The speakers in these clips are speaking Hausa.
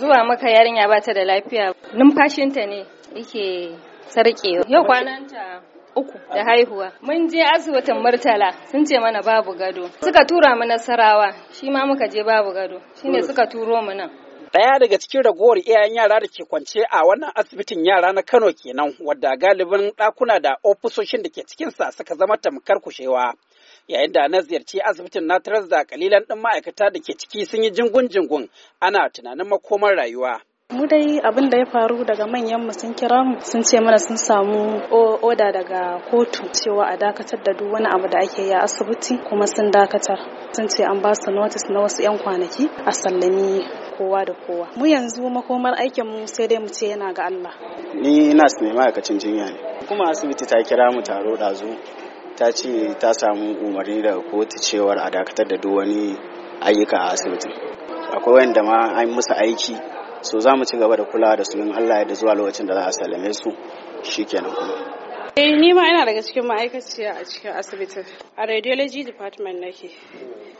zuwa maka yarinya ba ta da lafiya numfashinta ne yake sarkewa yau kwananta uku da haihuwa mun je asibitin murtala sun ce mana babu gado suka tura mu nasarawa shi ma muka je babu gado shine suka turo mu nan Daya daga cikin ragowar iyayen yara da ke kwance a wannan asibitin yara na Kano kenan wadda galibin ɗakuna da ofisoshin da ke cikinsa suka zama tamkar kushewa. yayin da na ziyarci asibitin na da kalilan ɗin ma'aikata da ke ciki sun yi jingun-jingun ana tunanin makomar rayuwa. mu dai abin da ya faru daga manyan mu sun kira mu sun ce mana sun samu oda daga kotu cewa a dakatar da duk wani abu da ake yi a asibiti kuma sun dakatar sun ce an ba su notice na wasu 'yan kwanaki a sallami kowa da kowa mu yanzu makomar aikin mu sai dai mu ce yana ga Allah ni nas ne ma'aikacin jinya ne kuma asibiti ta kira mu taro ɗazu ta ce ta samu umarni daga kotu cewar a dakatar da duk wani ayyuka a asibitin akwai wanda ma an musu aiki so za mu ci gaba da kulawa da su in Allah ya da zuwa lokacin da za a sallame su shikenan kuma eh ni ma ina daga cikin ma'aikaciya a cikin asibitin a radiology department nake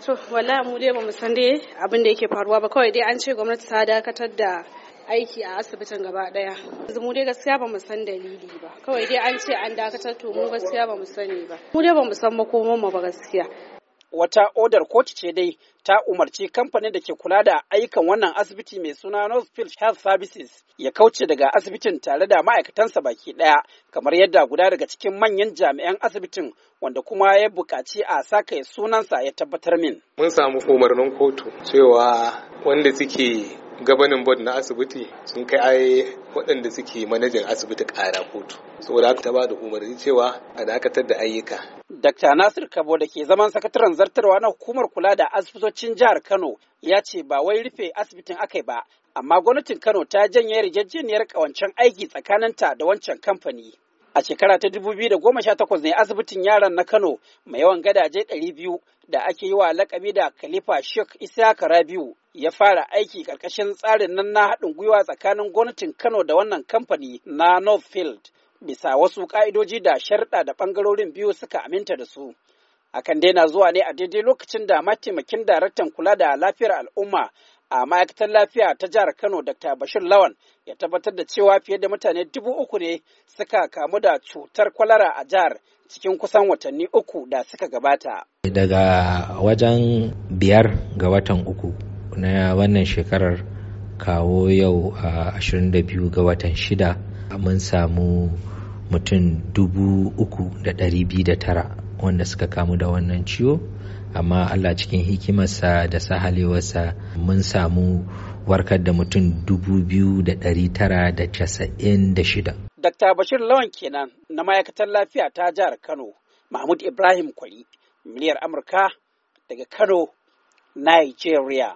to wallahi mu dai mu san dai abin da yake faruwa ba kawai dai an ce gwamnati ta dakatar da aiki a asibitin gaba daya mu dai gaskiya ba mu san dalili ba kawai dai an ce an dakatar to mu gaskiya ba mu sani ba mu dai ba mu san makoman mu ba gaskiya wata odar kotu ce dai ta umarci kamfanin da ke kula da ayyukan wannan asibiti mai suna Northfield Health Services ya kauce daga asibitin tare da ma'aikatansa baki ɗaya kamar yadda guda daga cikin manyan jami'an asibitin wanda kuma ya buƙaci a saka sunansa ya tabbatar min. Mun samu umarnin kotu cewa wanda suke gabanin board na asibiti sun kai ai waɗanda suke manajan asibiti ƙara kotu saboda haka ta ba da umarni cewa a dakatar da ayyuka Dr. Nasir Kabo da ke zaman sakataren zartarwa na hukumar kula da asibitocin jihar Kano ya ce ba wai rufe asibitin akai ba amma gwamnatin Kano ta janye yarjejeniyar kawancen aiki tsakaninta da wancan kamfani A shekara ta 2018 ne asibitin yaran na Kano mai yawan gadaje 200 da ake yi wa lakabi da Khalifa Sheikh Isa Rabiu ya fara aiki ƙarƙashin tsarin nan na haɗin gwiwa tsakanin gwamnatin Kano da wannan kamfani na Northfield bisa wasu ƙa'idoji da sharɗa da ɓangarorin biyu suka aminta da su. Hakan dai na zuwa ne a daidai lokacin da mataimakin daraktan kula da lafiyar al'umma a ma'aikatar lafiya ta jihar Kano Dr. Bashir Lawan ya tabbatar da cewa fiye da mutane dubu uku ne suka kamu da cutar kwalara a jihar cikin kusan watanni uku da suka gabata. Daga wajen biyar ga watan uku na wannan shekarar kawo yau a 22 ga watan shida mun samu mutum dubu uku da tara wanda suka kamu da wannan ciwo amma allah cikin hikimarsa da sahalewarsa mun samu warkar da mutum dubu biyu da da da ɗari tara casa'in shida. Dr. Bashir Lawan kenan na ma'aikatar lafiya ta jihar Kano, Mahmud Ibrahim Kwari, miliyar Amurka daga Kano, Nigeria.